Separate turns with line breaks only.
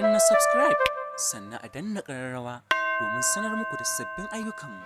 na subscribe sannan a danna ƙararrawa domin sanar muku da sabbin ayyukanmu.